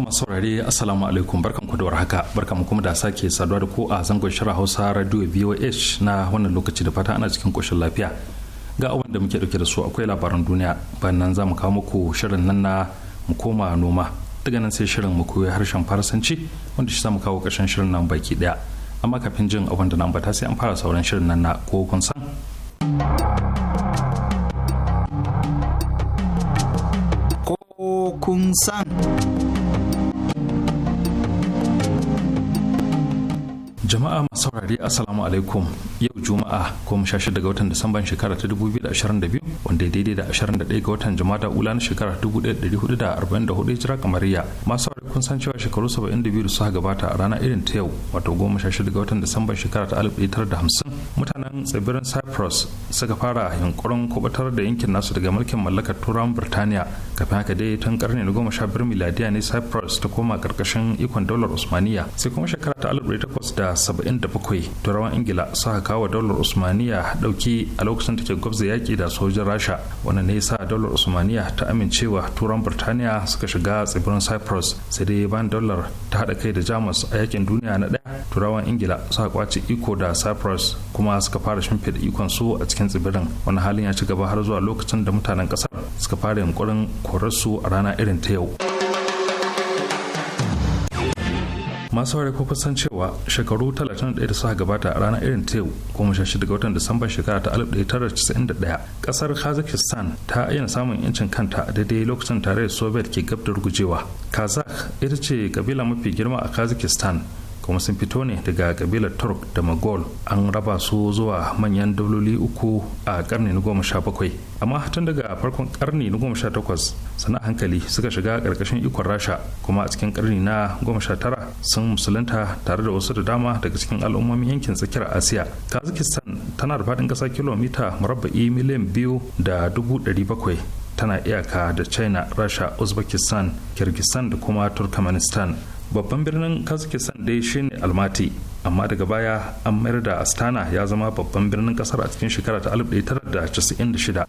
jama'a saurari saurare assalamu alaikum barkan ku da warhaka barkan mu kuma da sake saduwa da ku a zangon shirin Hausa Radio VOH na wannan lokaci da fata ana cikin koshin lafiya ga abin da muke dauke da su akwai labaran duniya bayan nan za mu kawo muku shirin nan na mu koma noma daga nan sai shirin mu koyi harshen faransanci wanda shi za mu kawo ƙarshen shirin nan baki daya amma kafin jin abin da nan bata sai an fara sauran shirin nan na ko kun san ko kun san jama'a masu saurari assalamu alaikum yau juma'a ko mu shashi daga watan disamban shekara ta 2022 wanda ya daidai da 21 ga watan jama'a da ula na shekara 1444 jira kamariya masu saurari kun san cewa shekaru 72 da suka gabata a rana irin ta yau wato goma shashi daga watan disamban shekara ta 1950 mutanen tsibirin cyprus suka fara yunkurin kubatar da yankin nasu daga mulkin mallakar turawan birtaniya kafin haka dai tun karni na goma sha biyar miladiya ne cyprus ta koma karkashin ikon daular usmaniya sai kuma shekara ta alif takwas da saba'in da bakwai turawan ingila suka kawo daular usmaniya dauki a lokacin da ke gwabza yaki da sojin rasha wannan ne yasa daular usmaniya ta amincewa turan birtaniya suka shiga tsibirin cyprus sai dai ban dollar ta haɗa kai da jamus a yakin duniya na ɗaya turawan ingila suka kwace iko da cyprus kuma suka fara shimfiɗa ikon su a cikin tsibirin wani halin ya ci gaba har zuwa lokacin da mutanen ƙasar suka fara yunkurin korarsu a rana irin ta yau masu ware kuka san cewa shekaru 31 da suka gabata a ranar irin ta yau kuma shashi daga watan disamba shekara ta 1991 kasar kazakhstan ta ayyana samun yancin kanta a daidai lokacin tare da soviet ke gab da rugujewa kazakh ita ce kabila mafi girma a kazakhstan kuma sun fito ne daga kabilar turk da magol an raba su zuwa manyan dabloli uku a karni na goma sha bakwai amma tun daga farkon karni na goma sha takwas sana hankali suka shiga karkashin ikon rasha kuma a cikin karni na goma sha tara sun musulunta tare da wasu da dama daga cikin al'ummomin yankin tsakiyar asiya kazakistan tana da faɗin ƙasa kilomita murabba'i miliyan biyu da dubu ɗari bakwai tana iyaka da china rasha uzbekistan kirgistan da kuma turkmenistan babban birnin kazakistan dai shine almati amma daga baya an mayar da astana ya zama babban birnin kasar a cikin shekara ta 1996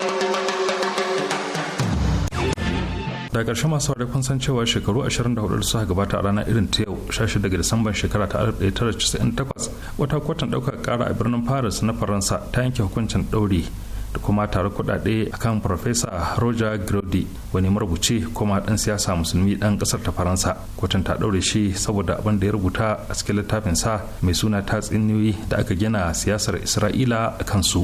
da ƙarshen masu ware kun san cewa shekaru 24 da suka gabata a ranar irin ta yau 16 daga disamban shekara ta 1998 wata kwatan ɗaukar ƙara a birnin paris na faransa ta yanke hukuncin ɗaure da kuma tare kudade akan farfesa roger grody wani marubuci kuma dan siyasa musulmi dan kasar ta faransa kwatan ta daure shi saboda abin da ya rubuta a cikin littafin sa mai suna tatsuniyoyi da aka gina siyasar isra'ila a kansu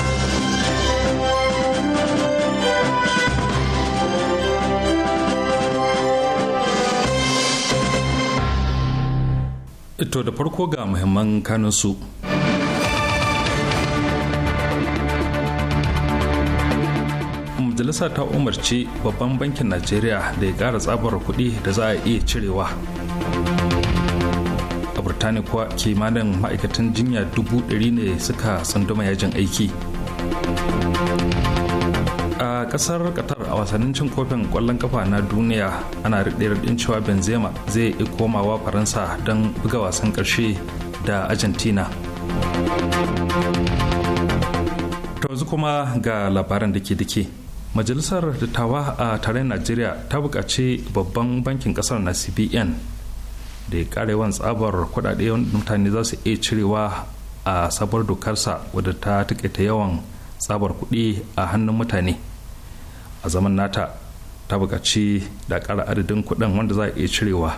To da farko ga muhimman kanunsu. Majalisa ta umarci babban bankin Najeriya da ya ƙara tsabar kuɗi da za a iya cirewa. A Birtaniya kuwa kimanin ma'aikatan jinya dubu ɗari ne suka tsanduma yajin aiki. a kasar qatar a wasannin cin kofin kwallon kafa na duniya ana riɗe-riɗin cewa benzema zai yi komawa faransa don buga wasan ƙarshe da argentina yanzu kuma ga labaran da ke dake majalisar dattawa a tarayyar najeriya ta buƙaci babban bankin ƙasar na cbn da ya kare yawan tsabar kuɗaɗe mutane za su iya cirewa a sabuwar dokarsa wadda ta taƙaita yawan tsabar kuɗi a hannun mutane a zaman nata ta bukaci da kara adadin kuɗin wanda za a iya cirewa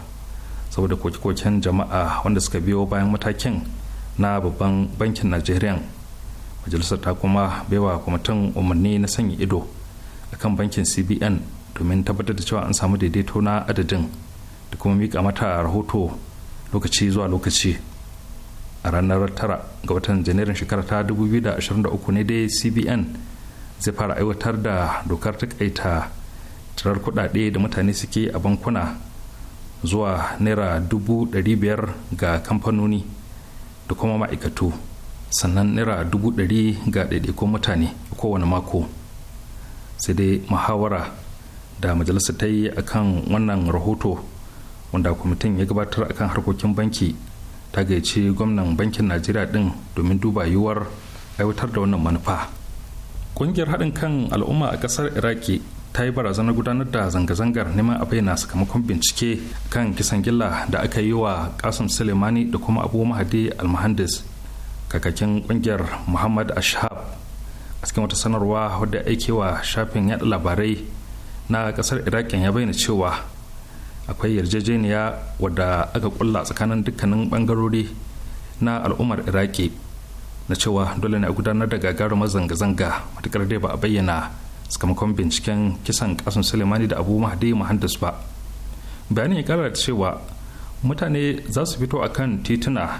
saboda koke-koken jama'a wanda suka biyo bayan matakin na babban bankin najeriya majalisar ta kuma baiwa kwamitin umarni na sanya ido a kan bankin cbn domin tabbatar da cewa an samu daidaito na adadin da kuma mika mata rahoto lokaci zuwa lokaci a ranar tara ga watan janairun shekara ta 2023 ne dai cbn zai fara aiwatar da dokar takaita tarar kudade da mutane suke a bankuna zuwa naira dubu ɗari biyar ga kamfanoni da kuma ma'aikatu sannan naira dubu ɗari ga ɗaiɗaikun mutane kowane mako sai dai muhawara da majalisa ta yi a kan wannan rahoto wanda kwamitin ya gabatar akan harkokin banki ta gaice gwamnan bankin najeriya din domin duba yiwuwar aiwatar da wannan manufa ƙungiyar haɗin kan al'umma a ƙasar iraki ta yi barazanar gudanar da zanga-zangar neman a bayyana sakamakon bincike kan kisan gilla da aka yi wa kasim sulemani da kuma abu mahadi almahandis kakakin kungiyar muhammad ashab a cikin wata sanarwa wadda aike wa shafin yaɗa labarai na ƙasar iraƙin ya bayyana cewa akwai yarjejeniya wadda aka kulla tsakanin dukkanin bangarori na al'ummar iraki na cewa dole ne a gudanar da gagarumar zanga-zanga matukar dai ba a bayyana sakamakon binciken kisan kasan sulemani da abu mahdi muhandis ba bayanin ya karata cewa mutane za su fito a kan tituna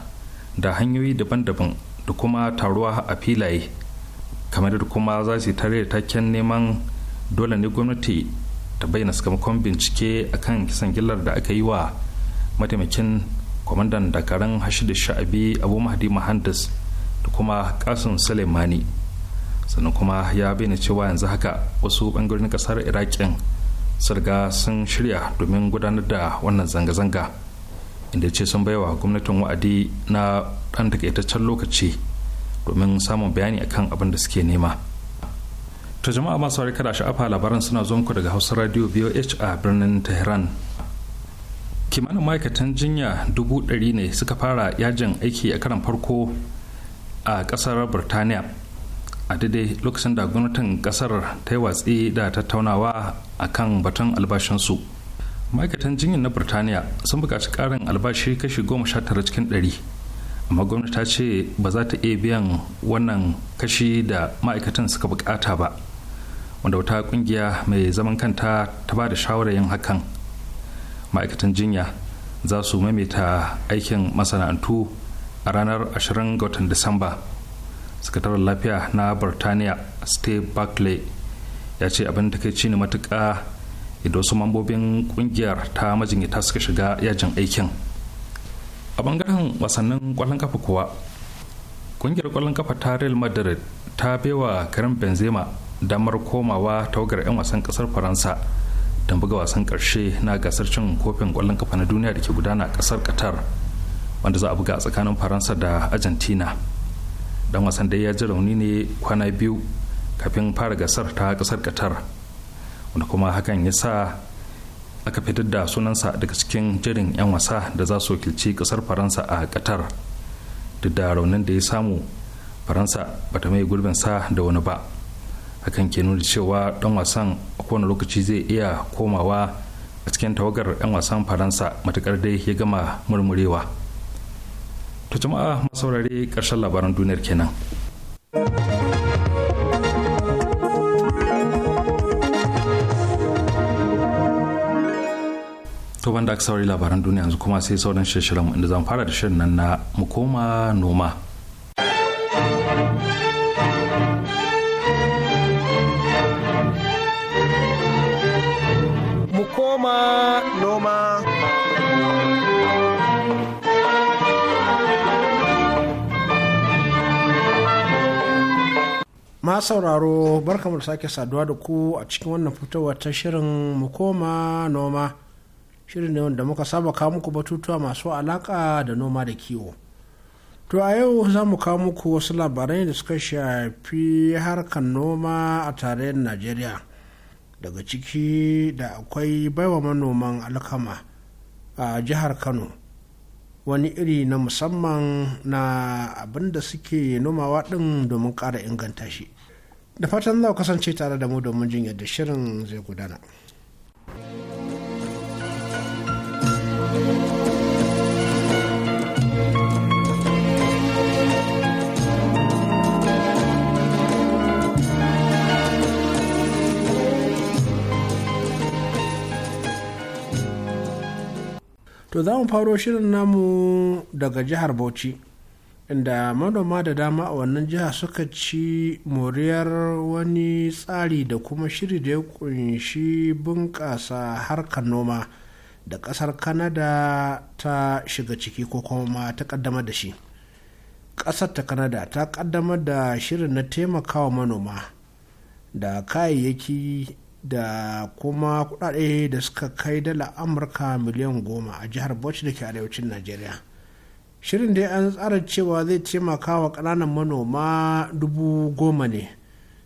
da hanyoyi daban-daban da kuma taruwa a filaye kamar da kuma za su tare da taken neman dole ne gwamnati ta bayyana sakamakon bincike akan kisan gillar da aka yi wa mataimakin kwamandan dakarun da sha'abi abu mahdi muhandis da kuma kasin suleimani sannan kuma ya bayyana cewa yanzu haka wasu bangarorin kasar iraƙin sarga sun shirya domin gudanar da wannan zanga-zanga inda ce sun baiwa gwamnatin wa'adi na ɗan takaitaccen lokaci domin samun bayani akan abin da suke nema ta jama'a masu harika da sha'afa labaran suna zo muku daga hausa radio voh a birnin tehran kimanin ma'aikatan jinya dubu ɗari ne suka fara yajin aiki a karan farko a kasar burtaniya a daidai lokacin da gwamnatin kasar ta yi watsi da tattaunawa a kan batun albashinsu ma'aikatan jinyar na burtaniya sun buƙaci ƙarin albashi kashi goma sha tara cikin ɗari amma gwamnati ta ce ba za ta iya biyan wannan kashi da ma'aikatan suka buƙata ba wanda wata ƙungiya mai zaman kanta ta ba da shawarar yin hakan ma'aikatan jinya za su maimaita aikin masana'antu a ranar 20 ga watan disamba sakataren lafiya na birtaniya steve barclay ya ce abin da kai ne matuƙa idan wasu mambobin kungiyar ta majinyata suka shiga yajin aikin a bangaren wasannin kwallon kafa kuwa kungiyar kwallon kafa ta real madrid ta baiwa karim benzema damar komawa tawagar 'yan wasan kasar faransa don buga wasan karshe na gasar cin kofin kwallon kafa na duniya da ke gudana kasar qatar wanda za a buga a tsakanin faransa da argentina dan wasan dai ya ji rauni ne kwana biyu kafin fara gasar ta kasar qatar wanda kuma hakan ya sa aka fitar da sunansa daga cikin jirin 'yan wasa da za su wakilci kasar faransa a qatar duk da raunin da ya samu faransa ba ta mai gurbin sa da wani ba hakan ke nuna cewa dan wasan a kowane lokaci zai iya komawa a cikin tawagar 'yan wasan faransa matukar dai ya gama murmurewa to jama'a masaurare karshen labaran duniyar kenan to banda aka saurari labaran duniya yanzu kuma sai sauran shirin inda zan fara da shirin nan na mu koma noma ma sauraro barkamu da sake saduwa da ku a cikin wannan fitowa ta shirin mu koma noma shirin ne wanda muka saba kawo muku batutuwa masu alaka da noma da kiwo to a yau za mu kawo muku wasu labarai da suka shafi harkar noma a tarayyar najeriya daga ciki da akwai baiwa manoman alkama a jihar kano wani iri na musamman na abin da suke nomawa ɗin domin ƙara inganta shi da fatan za kasance tare da mu domin jin yadda shirin zai gudana. to za mu faro shirin namu daga jihar bauchi inda manoma da dama a wannan jiha suka ci moriyar wani tsari da kuma shiri da ya kunshi bunƙasa harkar noma da ƙasar kanada ta shiga ciki ko kuma ta ƙaddamar da shi ƙasar ta kanada ta ƙaddamar da shirin na taimakawa manoma da kayayyaki da kuma kudade da suka kai dala amurka miliyan goma a jihar bauchi da ke arewacin najeriya shirin da an tsara cewa zai taimaka wa ƙananan manoma dubu goma ne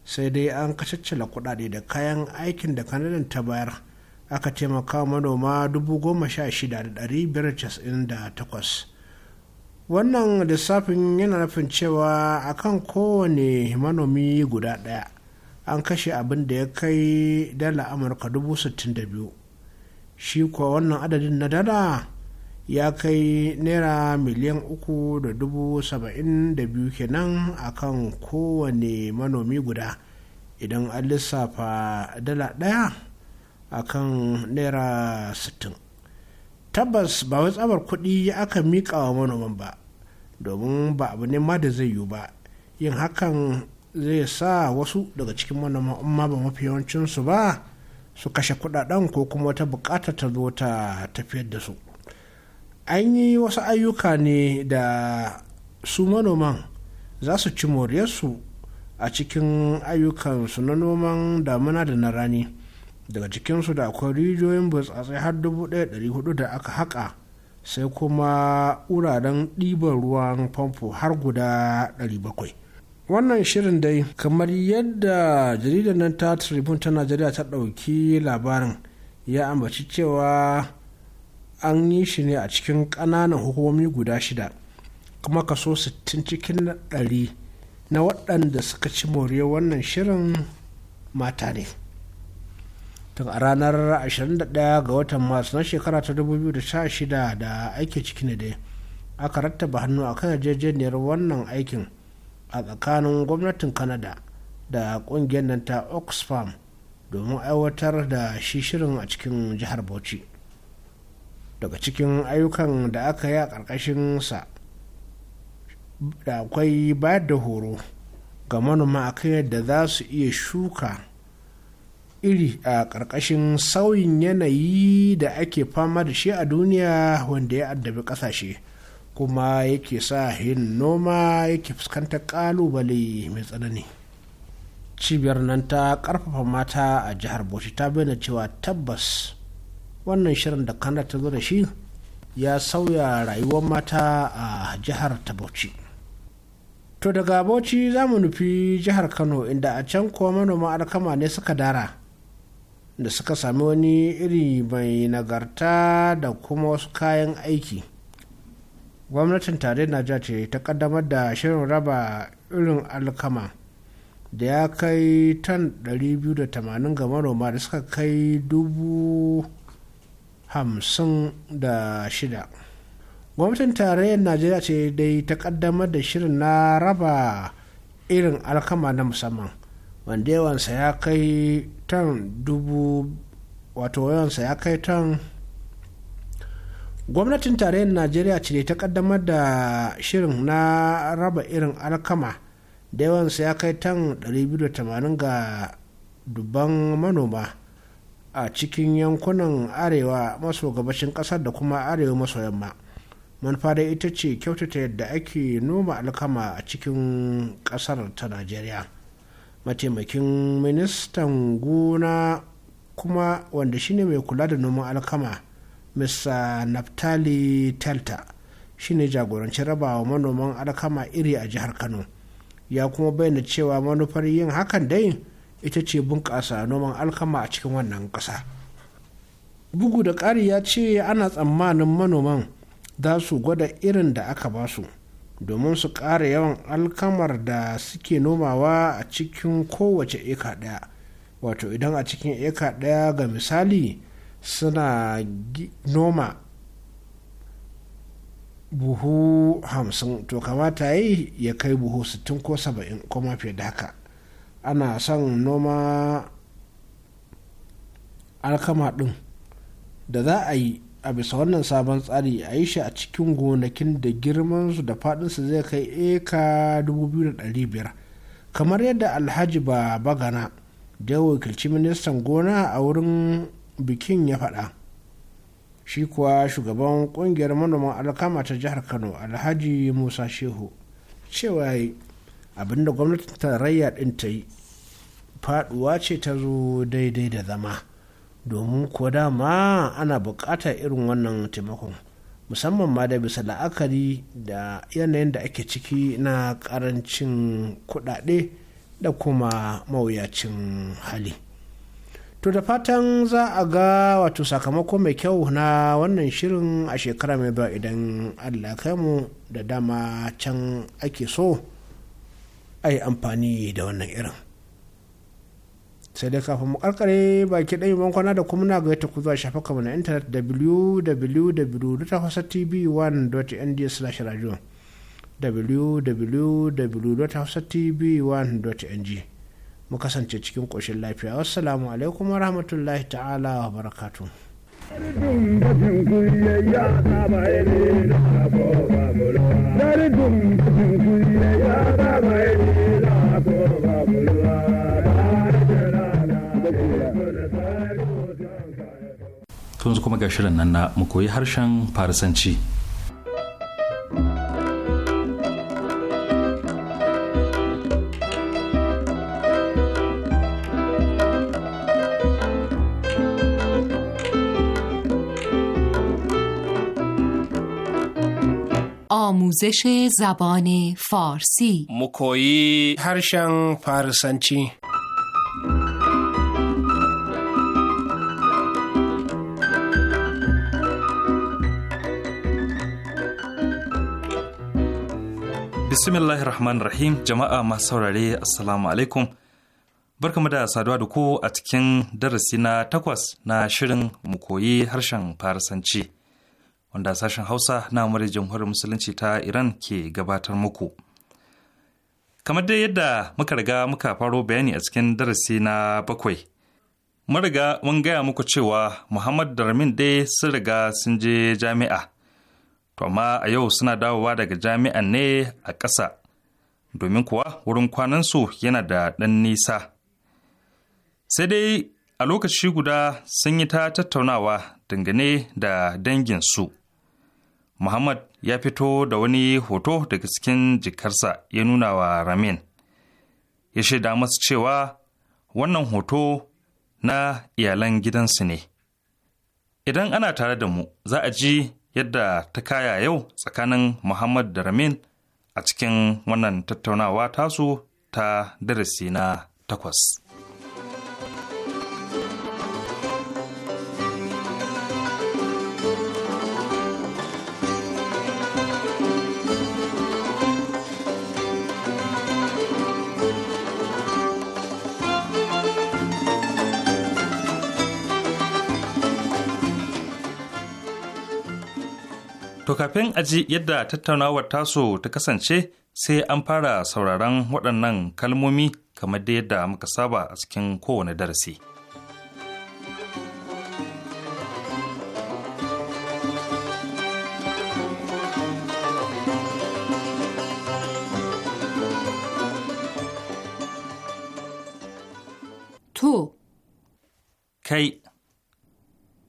sai dai an kacaccala kudade da kayan aikin da kanadan ta bayar aka taimaka manoma dubu goma sha shida da ɗari biyar casa'in da takwas wannan lissafin yana nufin cewa akan kowane manomi guda ɗaya an kashe abin da ya kai dala amurka dubu da biyu shi kuwa wannan adadin na dala ya kai naira miliyan uku da dubu saba'in da biyu kenan akan kowane manomi guda idan an lissafa dala ɗaya kan naira sittin tabbas ba wai tsabar kuɗi aka miƙa wa manoman ba domin ba abu ne ma da zai yiwu ba yin hakan zai sa wasu daga cikin manoma in ma ba mafi yawancinsu ba su kashe kudaden ko kuma wata bukata ta zo ta tafiyar da su an yi wasu ayyuka ne da su manoman za su ci moriyarsu a cikin ayyukansu na noman damuna da na rani daga cikinsu da akwai rijiyoyin burtsatsai har 1400 da aka haƙa sai kuma wuraren ɗiban ruwan famfo har guda 700 wannan shirin dai kamar yadda jaridar nan ta tribune ta najeriya ta ɗauki labarin ya ambaci cewa an yi shi ne a cikin ƙananan hukumomi guda shida kuma kaso 60 cikin 100 na waɗanda suka ci more wannan shirin mata ne tun a ranar 21 ga watan masu na shekara ta 2016 da ake ciki ne dai aka rattaba hannu a akan yarjejeniyar wannan aikin a tsakanin gwamnatin canada da kungiyar nan ta oxfam domin aiwatar da shi shirin a cikin jihar bauchi daga cikin ayyukan da aka yi a ƙarƙashin sa da akwai bayar da horo ga manoma akan yadda za su iya shuka iri a ƙarƙashin sauyin yanayi da ake fama da shi a duniya wanda ya addabi ƙasashe kuma yake sa yin noma yake fuskantar kalubale mai tsanani cibiyar nan ta karfafa mata a jihar bauchi ta bayyana cewa tabbas wannan shirin da kanada ta zo da shi ya sauya rayuwar mata a jihar ta bauchi to daga bauchi za mu nufi jihar kano inda a can kuwa manoma alkama ne suka dara da suka sami wani iri mai nagarta da kuma wasu kayan aiki gwamnatin tarayyar najeriya ce ta kaddamar da shirin raba irin alkama da ya kai tan 280 ga manoma da suka kai shida. gwamnatin tarayyar najeriya ce dai ta kaddamar da shirin na raba irin alkama na musamman wanda yawansa ya kai tan dubu wato yawansa ya kai tan gwamnatin tarayyar najeriya ce ta kaddamar da shirin na raba irin alkama da yawansa ya kai tan 280 ga dubban manoma a cikin yankunan arewa maso gabashin kasar da kuma arewa maso yamma manufa dai ita ce kyautata yadda ake noma alkama a cikin kasar ta najeriya mataimakin ministan gona kuma wanda shine mai kula da noman alkama mr naftali telta shine jagorancin rabawa manoman alkama iri a jihar kano ya kuma bayyana cewa manufar yin hakan dai ita ce bunƙasa noman alkama a cikin wannan ƙasa bugu da ƙari ya ce ana tsammanin manoman za su gwada irin da aka ba su domin su ƙara yawan alkamar da suke nomawa a cikin kowace eka ɗaya wato idan a cikin eka ɗaya ga misali suna noma buhu hamsin to kamata yi ya kai buhu sittin ko saba'in ko mafi da haka ana son noma alkama ɗin da za a yi a bisa wannan sabon tsari a yi shi a cikin gonakin da girmansu da faɗinsu zai kai eka 2,500 kamar yadda alhaji ba bagana da wakilci ministan gona a wurin bikin ya faɗa shi kuwa shugaban ƙungiyar manoman alkama ta jihar kano alhaji musa shehu cewa yi abinda gwamnatin tarayya ɗin ta yi faɗuwa ce ta zo daidai da zama domin ko dama ana buƙatar irin wannan taimakon musamman ma da bisa la'akari da yanayin da ake ciki na ƙarancin kuɗaɗe da kuma mawuyacin hali. to da fatan za a ga wato sakamako mai kyau na wannan shirin a shekara mai zuwa idan allah kai mu da dama can ake so a yi amfani da wannan irin sai dai kafin mu karkare baki ɗaya ban kwana da kuma na gaita ku zuwa shafa kama na intanet wwwtv 1ng radio wwwtv 1ng mu kasance cikin ƙoshin lafiya wassalamu alaikum warahmatullahi rahmatullahi ta'ala wa barakatu. Tunzu kuma ga shirin nan na mu koyi harshen Farisanci. آموزش زبان فارسی مکویی هرشن فارسنچی bismillahir rahmanir rahim jama'a masu saurare alaikum barkamu da saduwa da ku a cikin darasi na takwas na shirin mu koyi harshen farisanci wanda sashen Hausa na muryar Jamhuriyar Musulunci ta Iran ke gabatar muku. Kamar dai yadda muka riga muka faro bayani a cikin darasi na bakwai. Mun riga mun gaya muku cewa Muhammad Darmin dai sun riga sun je jami'a. To amma a yau suna dawowa daga jami'an ne a ƙasa. Domin kuwa wurin kwanansu yana da ɗan nisa. Sai dai a lokaci guda sun yi ta tattaunawa dangane da danginsu Muhammad ya fito da wani hoto daga cikin jikarsa ya nuna wa Ramin. Ya shaida masu cewa wannan hoto na iyalan gidansu ne. Idan ana tare da mu, za a ji yadda ta kaya yau tsakanin Muhammad da Ramin a cikin wannan tattaunawa tasu ta darasi na takwas. To kafin aji yadda tattaunawar taso ta kasance sai an fara sauraron waɗannan kalmomi kamar da yadda muka saba a cikin kowane darasi. تو کی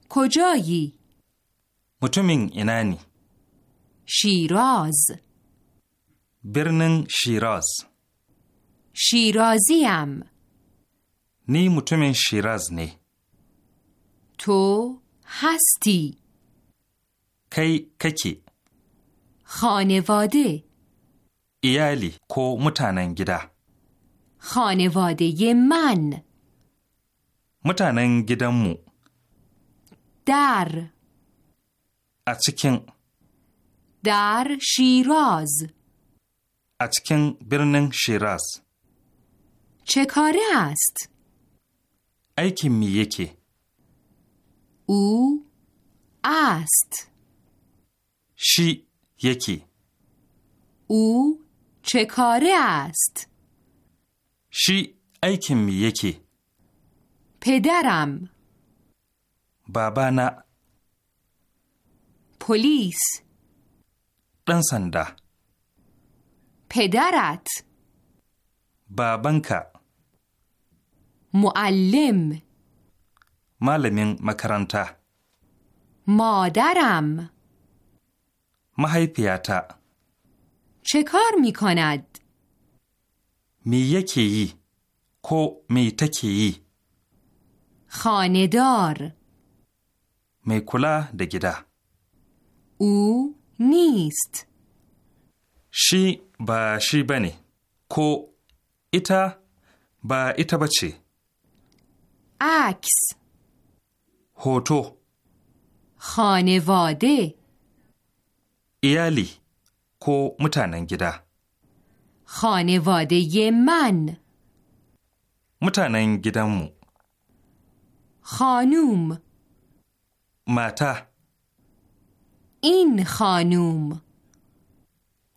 کجایی متومین اینانی شیراز برنن شیراز شیرازیم نی مطمئن شیراز نی تو هستی کی ککی خانواده ایالی کو متانن گیدا خانواده من متانن مو در اچکن در شیراز اتکن برنن شیراز چه کاره است؟ ای که می یکی او است شی یکی او چه کاره است؟ شی ای که می یکی پدرم بابا نه پلیس ɗan سنده پدرت بابنکا معلم معلمین مکرانتا مادرم مهیپیاتا چه کار می کند؟ می کو می تکی خاندار می او نیست شی با شی بنی کو ایتا با ایتا بچه عکس هوتو خانواده ایالی کو متانن گیدا خانواده من متانن گدامو خانوم ماتا این خانوم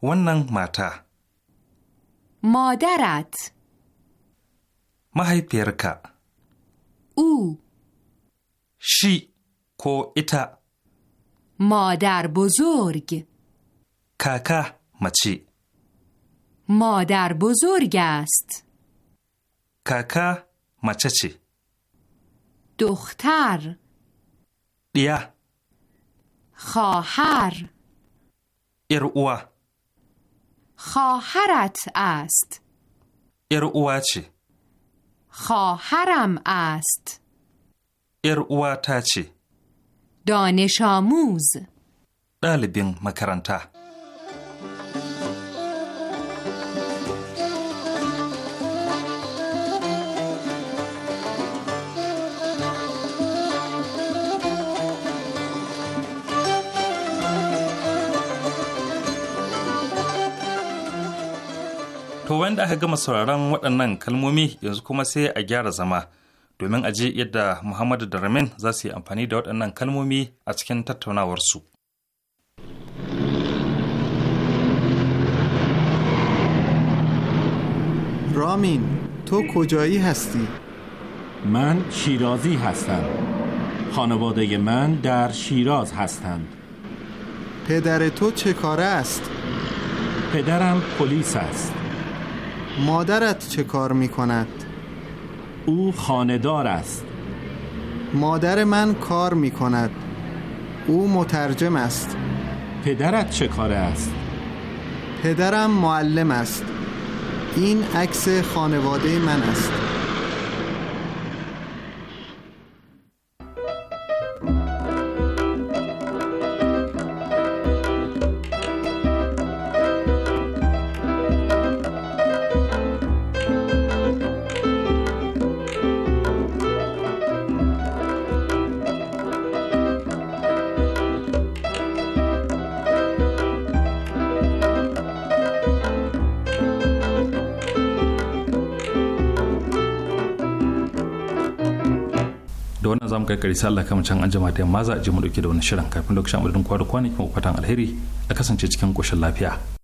ونن ماتا مادرت مهیپیرکا او شی کو ایتا مادر بزرگ کاکا مچی مادر بزرگ است کاکا مچچی دختر بیا خواهر ارعوا خواهرت است ارعوا چی؟ خواهرم است ارعوا تا چی؟ دانش آموز دالبین مکرانتا. To wanda da aka gama sauraron waɗannan kalmomi yanzu kuma sai a gyara zama domin a je yadda Muhammadu da Ramin za su yi amfani da waɗannan kalmomi a cikin tattaunawarsu. رامین تو کجایی هستی؟ من شیرازی هستم خانواده من در شیراز هستند پدر تو چه کاره ast پدرم پلیس است مادرت چه کار می کند؟ او خاندار است مادر من کار می کند او مترجم است پدرت چه کار است؟ پدرم معلم است این عکس خانواده من است sai Allah kamar can anjima ta yamma za a je mu dauke da wani shirin kafin lokacin amurin kwa da kwanaki mu fatan alheri a kasance cikin koshin lafiya